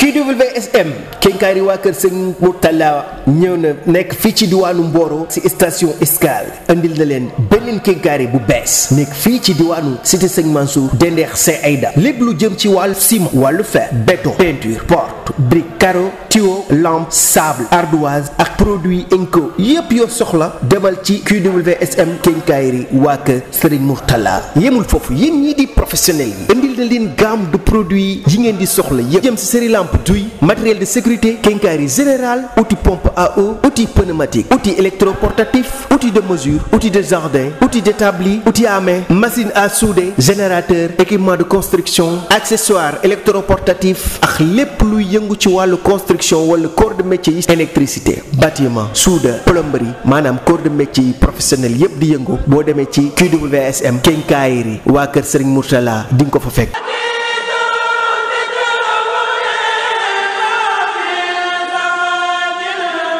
QWSM kénkaari waa kër sëñ talaa ñëw na nekk fii ci diwaanu Mboro si station Escale andil na leen beneen kénkaari bu bees nekk fii ci diwaanu siti sëñ Mansour dendeex see Aïda lépp lu jëm ci wàllu ciment wàllu fer béton peinture port brique carreau tuyau lampe sable ardoise Et produit inco Yep yo soxla demal ci QWSM Kenkayri wa ke Serigne Mourtala yemul fofu yéen ñii di professionnel yi indil na gamme de produits yi ngeen di soxla yep jëm ci série lampe douille matériel de sécurité Kenkayri général outil pompe à eau outil pneumatique outil électroportatif outil de mesure outil de jardin outil d'établi outil à main machine à souder générateur équipement de construction accessoires électroportatifs ak les luy yëngu yëngu ci wàllu construction wala corps de métier yi électricité bâtiment soudeur plomberie maanaam corps de métier yi professionnel yëpp di yëngu boo demee ci QWSM kenkaayiri waa kër Serigne Mourtala di nga ko fa fekk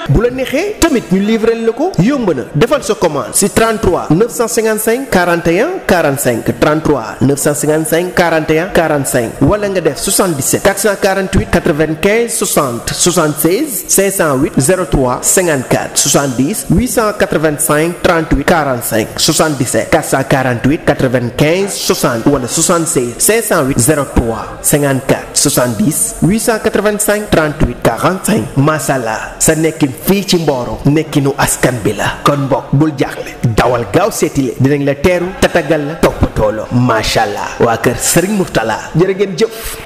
Vous la tamit ñu livreel la yomb na defal commande 33 955 41 45 33 955 41 45 wala 77 448 95 60 76 508 03 54 70 885 38 45 77 448 95 60 wala 76 508 03 54 70 885 38 45 masala n'est fii ci Mboro nekkinu askan bi la kon mbokk bul jaaxle dawal gaaw seetile dinañ la teeru tatagal la toppatoo la macha allah waa kër Serigne Mourtala jërë ngeen jëf.